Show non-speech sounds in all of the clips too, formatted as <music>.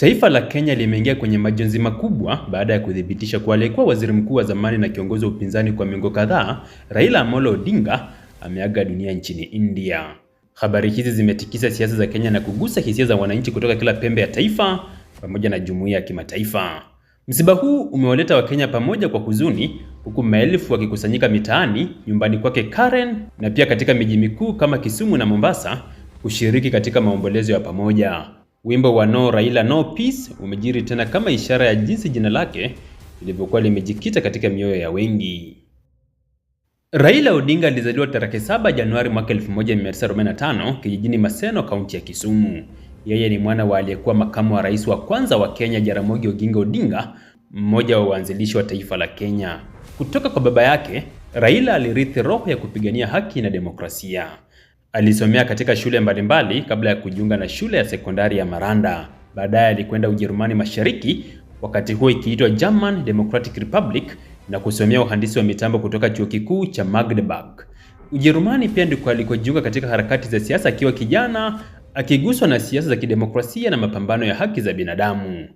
Taifa la Kenya limeingia kwenye majonzi makubwa baada ya kuthibitisha kuwa aliyekuwa waziri mkuu wa zamani na kiongozi wa upinzani kwa miongo kadhaa, Raila Amolo Odinga ameaga dunia nchini India. Habari hizi zimetikisa siasa za Kenya na kugusa hisia za wananchi kutoka kila pembe ya taifa pamoja na jumuiya ya kimataifa. Msiba huu umewaleta Wakenya pamoja kwa huzuni, huku maelfu wakikusanyika mitaani, nyumbani kwake Karen, na pia katika miji mikuu kama Kisumu na Mombasa kushiriki katika maombolezo ya pamoja. Wimbo wa No Raila No Peace umejiri tena kama ishara ya jinsi jina lake lilivyokuwa limejikita katika mioyo ya wengi. Raila Odinga alizaliwa tarehe 7 Januari mwaka 1945 kijijini Maseno, kaunti ya Kisumu. Yeye ni mwana wa aliyekuwa makamu wa rais wa kwanza wa Kenya Jaramogi Oginga Odinga, mmoja wa waanzilishi wa taifa la Kenya. Kutoka kwa baba yake, Raila alirithi roho ya kupigania haki na demokrasia. Alisomea katika shule mbalimbali kabla ya kujiunga na shule ya sekondari ya Maranda. Baadaye alikwenda Ujerumani Mashariki, wakati huo ikiitwa German Democratic Republic, na kusomea uhandisi wa mitambo kutoka chuo kikuu cha Magdeburg. Ujerumani pia ndiko alikojiunga katika harakati za siasa akiwa kijana, akiguswa na siasa za kidemokrasia na mapambano ya haki za binadamu.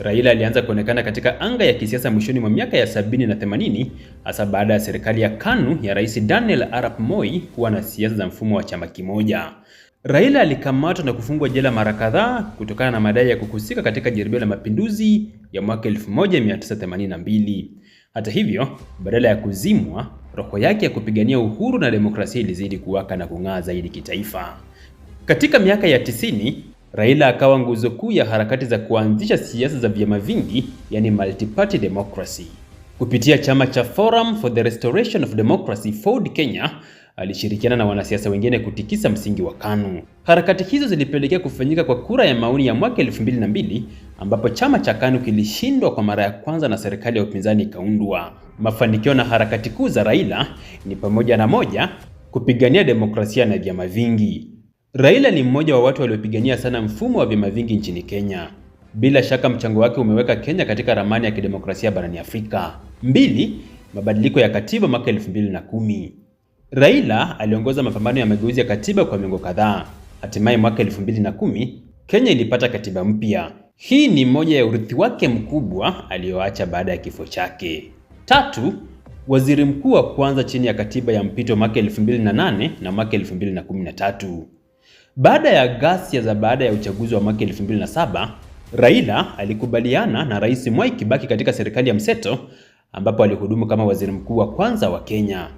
Raila alianza kuonekana katika anga ya kisiasa mwishoni mwa miaka ya sabini na themanini hasa baada ya serikali ya KANU ya Rais Daniel Arap Moi kuwa na siasa za mfumo wa chama kimoja. Raila alikamatwa na kufungwa jela mara kadhaa kutokana na madai ya kuhusika katika jaribio la mapinduzi ya mwaka 1982. Hata hivyo, badala ya kuzimwa, roho yake ya kupigania uhuru na demokrasia ilizidi kuwaka na kung'aa zaidi kitaifa. Katika miaka ya tisini, Raila akawa nguzo kuu ya harakati za kuanzisha siasa za vyama vingi, yani multi-party democracy. Kupitia chama cha Forum for the Restoration of Democracy Ford Kenya alishirikiana na wanasiasa wengine kutikisa msingi wa KANU. Harakati hizo zilipelekea kufanyika kwa kura ya maoni ya mwaka 2002 ambapo chama cha KANU kilishindwa kwa mara ya kwanza na serikali ya upinzani ikaundwa. Mafanikio na harakati kuu za Raila ni pamoja na moja, kupigania demokrasia na vyama vingi Raila ni mmoja wa watu waliopigania sana mfumo wa vyama vingi nchini Kenya. Bila shaka mchango wake umeweka Kenya katika ramani ya kidemokrasia barani Afrika. Mbili, mabadiliko ya katiba mwaka 2010. Raila aliongoza mapambano ya mageuzi ya katiba kwa miongo kadhaa. Hatimaye mwaka 2010 Kenya ilipata katiba mpya. Hii ni moja ya urithi wake mkubwa aliyoacha baada ya kifo chake. Tatu, waziri mkuu wa kwanza chini ya katiba ya mpito mwaka 2008 na mwaka 2013. Baada ya ghasia za baada ya uchaguzi wa mwaka 2007, Raila alikubaliana na Rais Mwai Kibaki katika serikali ya mseto ambapo alihudumu kama waziri mkuu wa kwanza wa Kenya.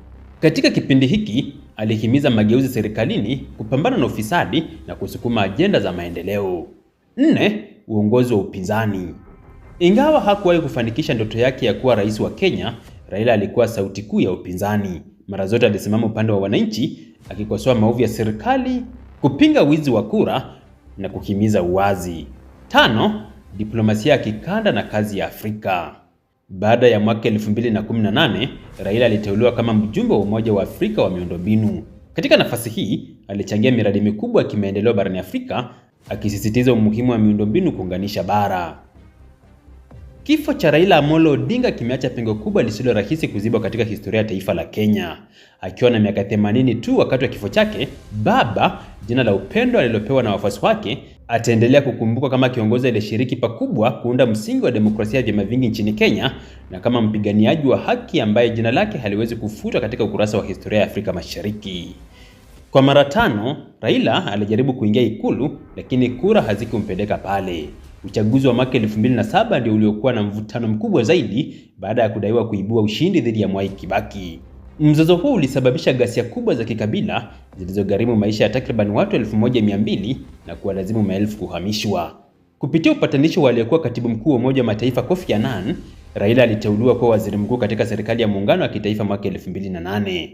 Katika kipindi hiki alihimiza mageuzi serikalini, kupambana na ufisadi na kusukuma ajenda za maendeleo. Nne, uongozi wa upinzani. Ingawa hakuwahi kufanikisha ndoto yake ya kuwa rais wa Kenya, Raila alikuwa sauti kuu ya upinzani. Mara zote alisimama upande wa wananchi, akikosoa maovu ya serikali kupinga wizi wa kura na kuhimiza uwazi. Tano, diplomasia ya kikanda na kazi ya Afrika. Baada ya mwaka 2018, Raila aliteuliwa kama mjumbe wa Umoja wa Afrika wa miundombinu. Katika nafasi hii, alichangia miradi mikubwa ya kimaendeleo barani Afrika, akisisitiza umuhimu wa miundombinu kuunganisha bara. Kifo cha Raila Amolo Odinga kimeacha pengo kubwa lisilo rahisi kuzibwa katika historia ya taifa la Kenya. Akiwa na miaka 80 tu wakati wa kifo chake, Baba, jina la upendo alilopewa na wafuasi wake, ataendelea kukumbukwa kama kiongozi aliyeshiriki pakubwa kuunda msingi wa demokrasia ya vyama vingi nchini Kenya na kama mpiganiaji wa haki ambaye jina lake haliwezi kufutwa katika ukurasa wa historia ya Afrika Mashariki. Kwa mara tano, Raila alijaribu kuingia Ikulu lakini kura hazikumpeleka pale. Uchaguzi wa mwaka 2007 ndio uliokuwa na mvutano mkubwa zaidi baada ya kudaiwa kuibua ushindi dhidi ya Mwai Kibaki. Mzozo huu ulisababisha ghasia kubwa za kikabila zilizogharimu maisha ya takriban watu 1200 na kuwalazimu maelfu kuhamishwa. Kupitia upatanisho wa aliyekuwa katibu mkuu wa Umoja wa Mataifa Kofi Annan, Raila aliteuliwa kuwa waziri mkuu katika serikali ya muungano wa kitaifa mwaka 2008.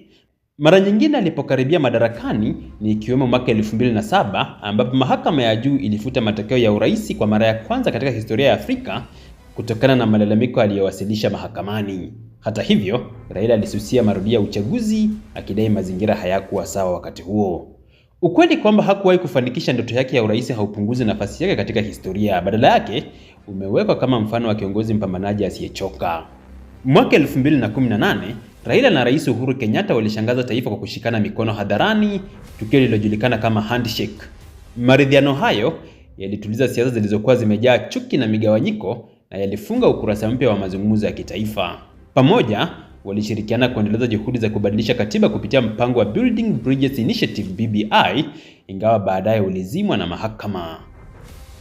Mara nyingine alipokaribia madarakani ni ikiwemo mwaka 2007 ambapo mahakama ya juu ilifuta matokeo ya urais kwa mara ya kwanza katika historia ya Afrika kutokana na malalamiko aliyowasilisha mahakamani. Hata hivyo, Raila alisusia marudio ya uchaguzi akidai mazingira hayakuwa sawa wakati huo. Ukweli kwamba hakuwahi kufanikisha ndoto yake ya urais haupunguzi nafasi yake katika historia, badala yake umewekwa kama mfano wa kiongozi mpambanaji asiyechoka. Mwaka 2018 Raila na Rais Uhuru Kenyatta walishangaza taifa kwa kushikana mikono hadharani, tukio lililojulikana kama handshake. Maridhiano hayo yalituliza siasa zilizokuwa zimejaa chuki na migawanyiko na yalifunga ukurasa mpya wa mazungumzo ya kitaifa. Pamoja walishirikiana kuendeleza juhudi za kubadilisha katiba kupitia mpango wa Building Bridges Initiative BBI, ingawa baadaye ulizimwa na mahakama.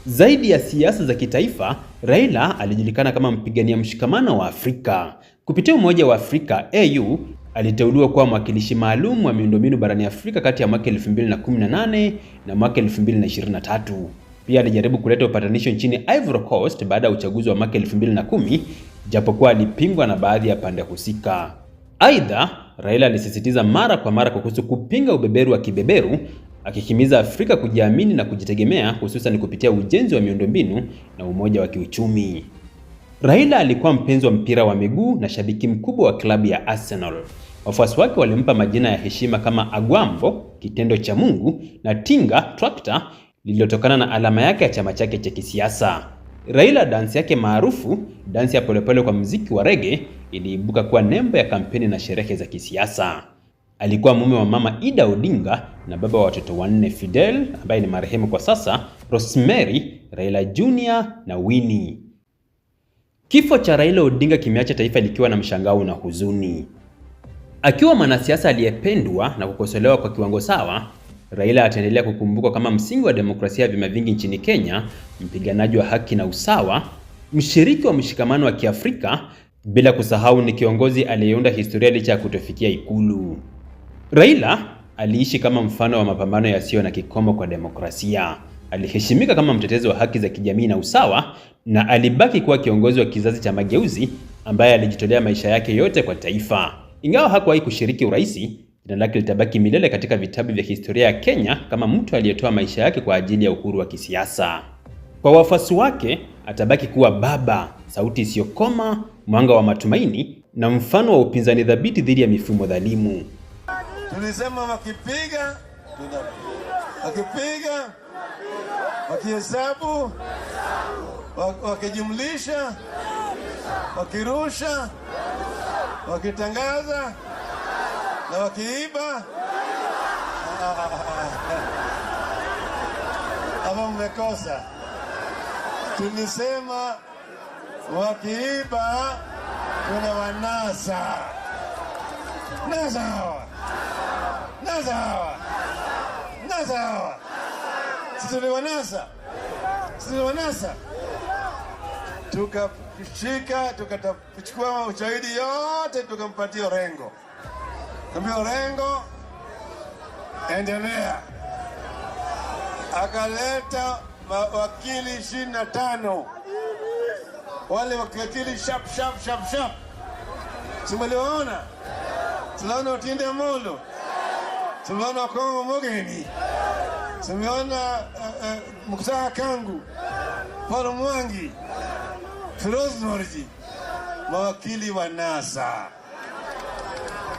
Zaidi ya siasa za kitaifa, Raila alijulikana kama mpigania mshikamano wa Afrika. Kupitia Umoja wa Afrika AU, aliteuliwa kuwa mwakilishi maalum wa miundombinu barani Afrika kati ya mwaka 2018 na mwaka 2023. Pia alijaribu kuleta upatanisho nchini Ivory Coast baada ya uchaguzi wa mwaka 2010, japokuwa alipingwa na baadhi ya pande husika. Aidha, Raila alisisitiza mara kwa mara kuhusu kupinga ubeberu wa kibeberu akihimiza Afrika kujiamini na kujitegemea hususan kupitia ujenzi wa miundombinu na umoja wa kiuchumi. Raila alikuwa mpenzi wa mpira wa miguu na shabiki mkubwa wa klabu ya Arsenal. Wafuasi wake walimpa majina ya heshima kama Agwambo, kitendo cha Mungu, na Tinga, tractor, lililotokana na alama yake ya chama chake cha kisiasa. Raila, dansi yake maarufu, dansi ya polepole kwa muziki wa rege, iliibuka kuwa nembo ya kampeni na sherehe za kisiasa alikuwa mume wa mama Ida Odinga na baba wa watoto wanne, Fidel ambaye ni marehemu kwa sasa, Rosemary, Raila Junior na Winnie. Kifo cha Raila Odinga kimeacha taifa likiwa na mshangao na huzuni. Akiwa mwanasiasa aliyependwa na kukosolewa kwa kiwango sawa, Raila ataendelea kukumbukwa kama msingi wa demokrasia ya vyama vingi nchini Kenya, mpiganaji wa haki na usawa, mshiriki wa mshikamano wa Kiafrika, bila kusahau ni kiongozi aliyeunda historia licha ya kutofikia ikulu. Raila aliishi kama mfano wa mapambano yasiyo na kikomo kwa demokrasia. Aliheshimika kama mtetezi wa haki za kijamii na usawa, na alibaki kuwa kiongozi wa kizazi cha mageuzi ambaye alijitolea maisha yake yote kwa taifa. Ingawa hakuwahi kushiriki urais, jina lake litabaki milele katika vitabu vya historia ya Kenya kama mtu aliyetoa maisha yake kwa ajili ya uhuru wa kisiasa. Kwa wafuasi wake, atabaki kuwa baba, sauti isiyokoma, mwanga wa matumaini na mfano wa upinzani dhabiti dhidi ya mifumo dhalimu. Tulisema wakipiga wakipiga, wakihesabu, wakijumlisha, wakirusha, wakitangaza na wakiiba. <laughs> Ama mmekosa? Tulisema wakiiba kuna wanasa nasa NASA hawa NASA hawa sisi ni wanasa sisi ni wanasa tukashika tukachukua ushahidi yote tukampatia Orengo kambia Orengo endelea akaleta mawakili ishirini na tano wale wakili shap shap shap shap simwaliwaona tunaona utinde molo tumeona Wakongo Mogeni, tumeona uh, uh, Kangu, Paul Mwangi, Firoz Norji, mawakili wa NASA.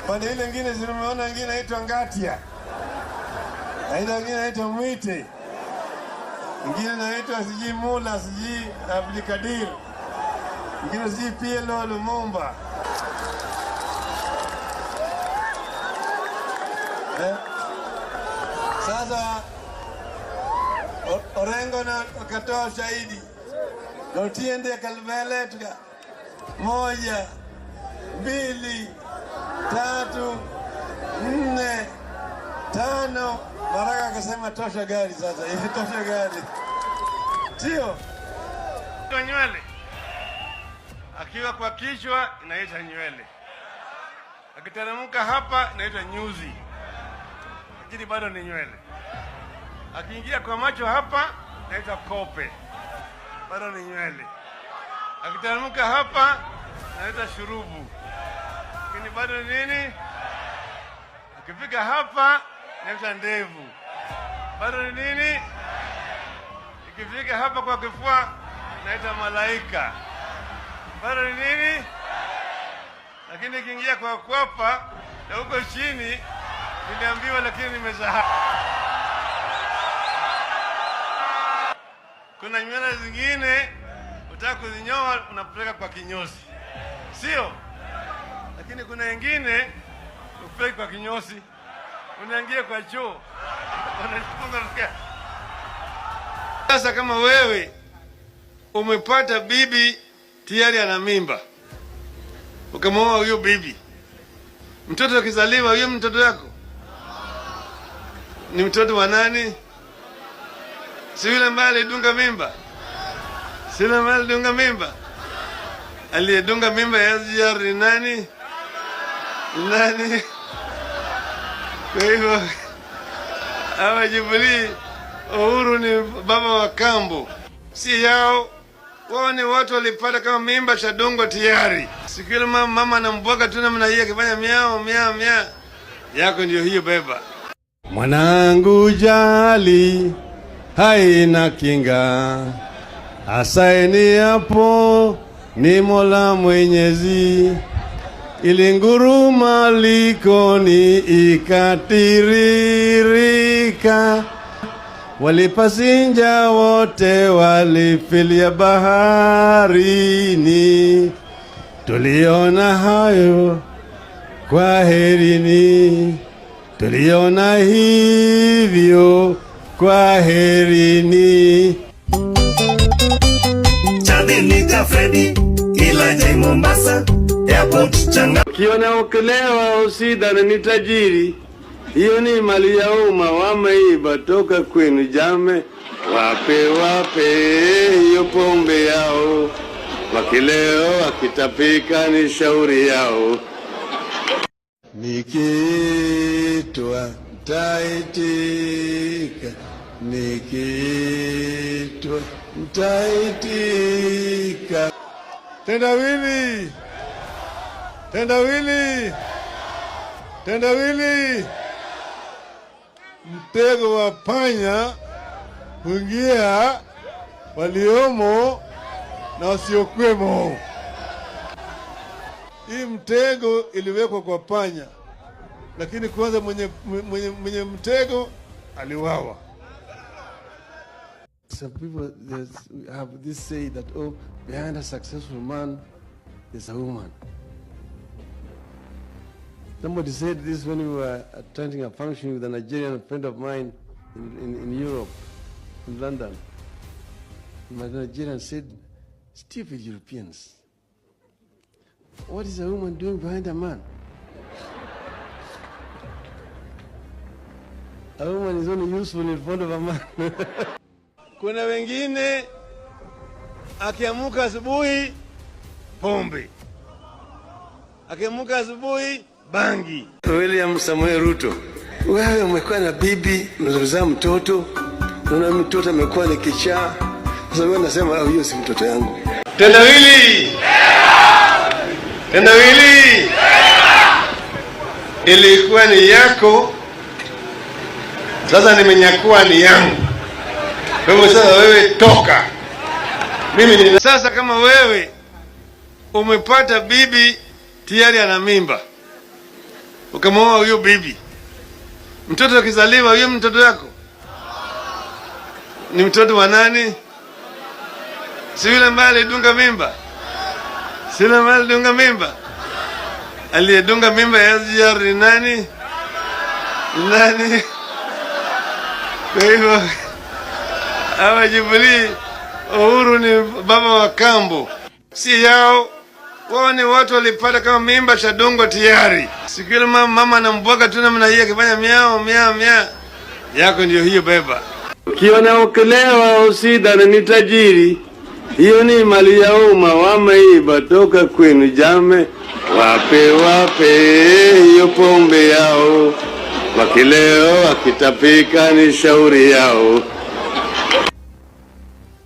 Pande ile ngine zimeona wengine naitwa Ngatia, aidha wengine naitwa Mwite, ingine naitwa sijui Mula, sijui Abdikadir, ingine sijui PLO Lumumba. Eh? Sasa Orengo na akatoa ushahidi, Dotiende kalveletka moja, mbili, tatu, nne, tano. Baraka akasema tosha gari sasa hivi, tosha gari, sio nywele akiwa kwa kichwa inaitwa nywele, akiteremka hapa inaitwa nyuzi lakini bado ni nywele. Akiingia kwa macho hapa naita kope, bado ni nywele. Akitamka hapa naita shurubu, lakini bado ni nini. Akifika hapa naita ndevu, bado ni nini. Ikifika hapa kwa kifua naita malaika, bado ni nini. Lakini ikiingia kwa kwapa na huko chini Niliambiwa lakini nimesahau. Kuna nywele zingine utaka kuzinyoa unapeleka kwa kinyozi, sio? Lakini kuna wengine upeleki kwa kinyozi, unaingia kwa choo unajifunga. Sasa kama wewe umepata bibi tayari ana mimba, ukamwoa huyo bibi, mtoto akizaliwa, huyo mtoto yako ni mtoto wa nani? Si yule ambaye alidunga mimba? Si yule ambaye alidunga mimba? Aliyedunga mimba ya SGR ni nani? Nani? Kwa hivyo hawa Jubilee Uhuru ni baba wa kambo, si yao. Wao ni watu walipata kama mimba cha dongo tayari. Siku ile mama anamboga tu namna hii akifanya miao miao miao, yako ndio hiyo beba. Mwanangu jali haina kinga, asaini hapo ni Mola Mwenyezi, ilinguruma likoni ikatiririka, walipasinja wote walifilia baharini, tuliona hayo kwa herini tuliona hivyo, kwaherini. Ukionekelewa usidhani ni tajiri, hiyo ni mali ya umma, wameiba toka kwenu jame. Wape wape hiyo pombe yao, wakileo akitapika ni shauri yao nikitwa mtaitika, nikiitwa mtaitika. Tendawili, tendawili, tendawili. Mtego wa panya kuingia waliomo na wasiokwemo. Hii mtego iliwekwa kwa panya, lakini kwanza mwenye, mwenye, mwenye mtego aliwawa. Some people have this say that oh, behind a successful man there's a woman. Somebody said this when we were attending a function with a Nigerian friend of mine in, in, in Europe, in London. My Nigerian said, stupid Europeans. What is a woman doing behind a man? a woman is only useful in front of a man. <laughs> Kuna wengine akiamuka asubuhi pombe, akiamuka asubuhi bangi. William Samuel Ruto, wewe umekuwa na bibi mzaa mtoto, naona mtoto amekuwa ni kichaa. Sasa wewe unasema hiyo ah, si mtoto yangu tendawili Tendawili ilikuwa ni yako, sasa nimenyakua ni yangu. Wewe sasa, wewe toka, mimi ni Sasa kama wewe umepata bibi tayari ana mimba, ukamwoa huyo bibi, mtoto akizaliwa, huyo mtoto yako ni mtoto wa nani? Si yule ambaye alidunga mimba? Sina mali dunga mimba. Aliyedunga mimba ya SGR ni nani? Ni Nani? Kwa hivyo hawa Jubilee Uhuru ni baba wa kambo, si yao. Wao ni watu walipata kama mimba cha dongo tayari. Siku ile mama mama anambwaga tu namna hiyo, akifanya miao miao miao, yako ndio hiyo beba. Ukiona ukelewa usidhani ni tajiri hiyo ni mali ya umma, wameiba toka kwenu jame, wape wape hiyo pombe yao, wakileo wakitapika, ni shauri yao.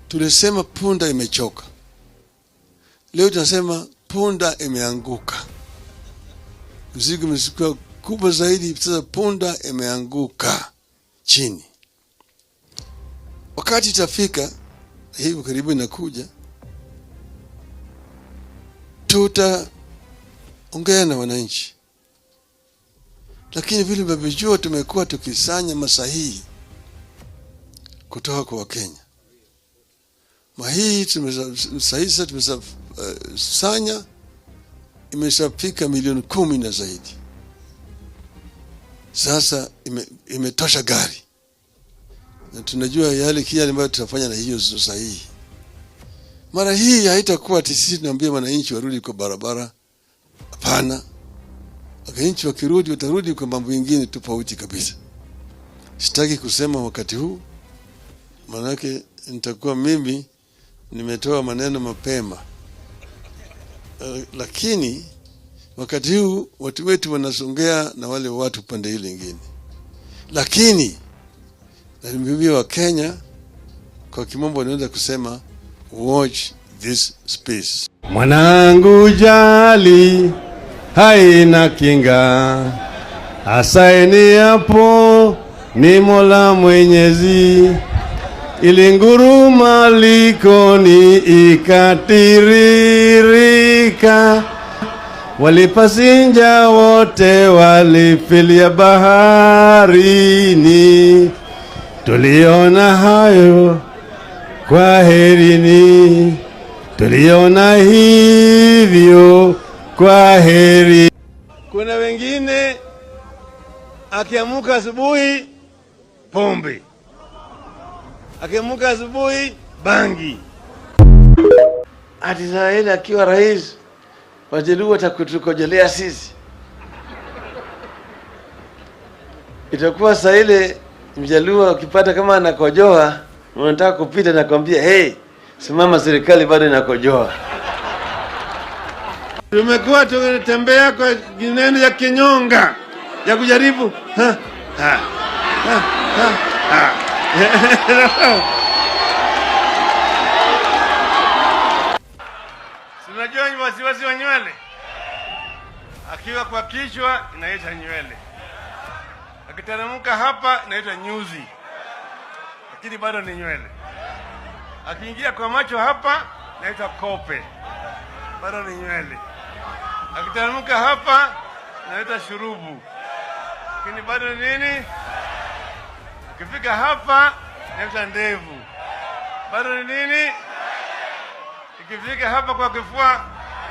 Tulisema punda imechoka, leo tunasema punda imeanguka. Mzigo umekuwa kubwa zaidi, sasa punda imeanguka chini, wakati itafika hivi karibu inakuja, tutaongea na wananchi, lakini vile mnavyojua tumekuwa tukisanya masahihi kutoka kwa Wakenya mahii sahihi tumesanya eh, uh, imeshafika milioni kumi na zaidi. Sasa ime, imetosha gari na tunajua yale kile ambayo tutafanya na hiyo sio sahihi. Mara hii haitakuwa tisisi tunaambia wananchi warudi kwa barabara, hapana. Wananchi wakirudi watarudi kwa mambo mengine tofauti kabisa. Sitaki kusema wakati huu, maanake nitakuwa mimi nimetoa maneno mapema, lakini wakati huu watu wetu wanasongea na wale watu pande hili lingine, lakini na mimi wa Kenya kwa kimombo naweza kusema watch this space. Mwanangu jali haina kinga, asaini hapo ni Mola Mwenyezi, ilinguruma likoni ikatiririka, walipasinja wote walifilia baharini tuliona hayo, kwa herini. Tuliona hivyo, kwa heri. Kuna wengine akiamuka asubuhi pombe, akiamuka asubuhi bangi. Ati Israeli akiwa rais, Wajaluo watakutukojelea sisi, itakuwa saa ile Mjaluo ukipata kama anakojoa, unataka kupita, nakwambia hey, simama, serikali bado inakojoa. Tumekuwa tunatembea kwa neno ya kinyonga ya kujaribu ha, ha, ha, ha, ha. <laughs> Sinajua wasiwasi wa nywele akiwa kwa kichwa inaisha nywele akiteremka hapa inaitwa nyuzi, lakini bado ni nywele. Akiingia kwa macho hapa inaitwa kope, bado ni nywele. Akiteremka hapa inaitwa shurubu, lakini bado ni nini? Akifika hapa inaitwa ndevu, bado ni nini? Ikifika hapa kwa kifua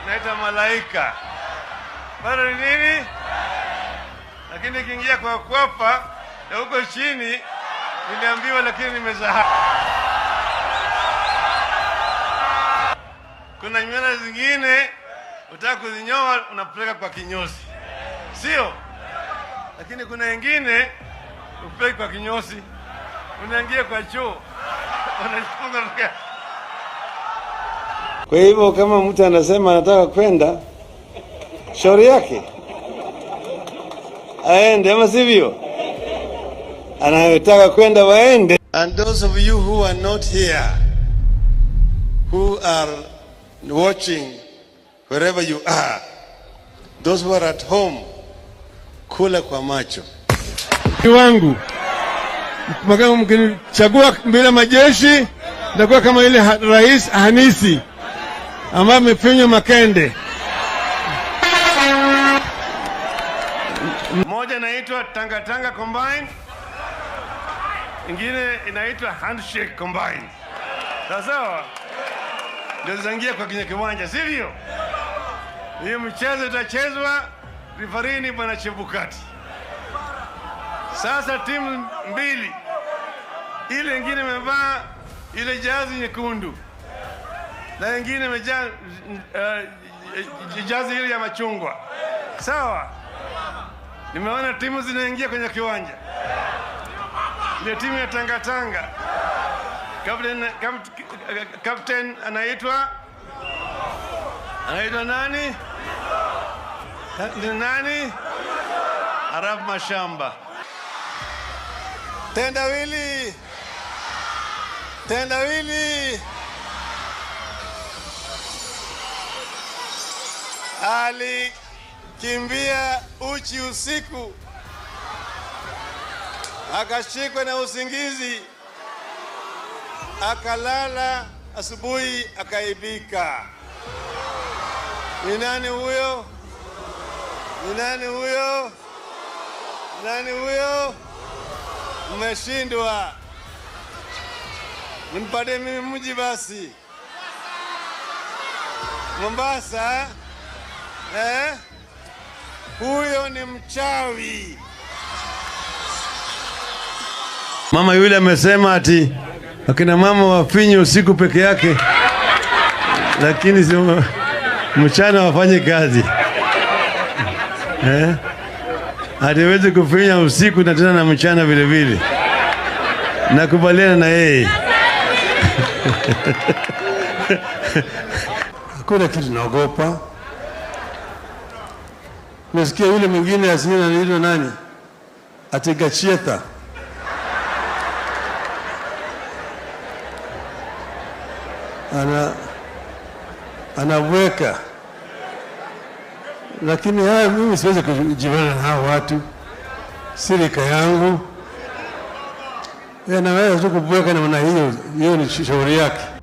inaitwa malaika, bado ni nini? lakini nikiingia kwa kwapa na huko chini niliambiwa, lakini nimesahau. Kuna nywele zingine utaka kuzinyoa unapeleka kwa kinyozi, sio? Lakini kuna wengine upeleki kwa kinyozi, unaingia kwa choo <laughs> unachunga. Kwa hivyo kama mtu anasema anataka kwenda shauri yake aende, ama sivyo? Anayotaka kwenda waende. And those of you who are not here, who are watching wherever you are, those who are at home, kula kwa macho wangu makamu mkinichagua bila majeshi ndakuwa kama ile rais Hanisi ambaye amepenya makende. Moja inaitwa Tangatanga Combine, ingine inaitwa Handshake Combine. Sawa, ndio zangia kwa kwenye kiwanja, sivyo? Hii mchezo itachezwa, rifarini bwana Chebukati. Sasa timu mbili, ile ingine imevaa ile jazi nyekundu na ingine imejaa uh, jazi ile ya machungwa, sawa Nimeona timu zinaingia kwenye kiwanja, ile timu ya tangatanga Captain anaitwa anaitwa nani? Ni nani? Arab Mashamba. Tendawili, tendawili, alikimbia uchi usiku, akashikwa na usingizi, akalala asubuhi, akaibika. Ni nani huyo? Ni nani huyo? Nani huyo? Mmeshindwa, nimpate mimi mji basi, Mombasa eh? huyo ni mchawi. Mama yule amesema ati akina mama wafinye usiku peke yake, lakini si mchana wafanye kazi eh? Hatiwezi kufinya usiku na tena na mchana vile vile. Nakubaliana na yeye. Hakuna kitu naogopa. Nasikia yule mwingine na nilo nani ategachieta ana anaweka, lakini haya mimi siwezi kujivana na hao watu, sirika yangu anaweza tu kuweka namna hiyo. Hiyo ni shauri yake.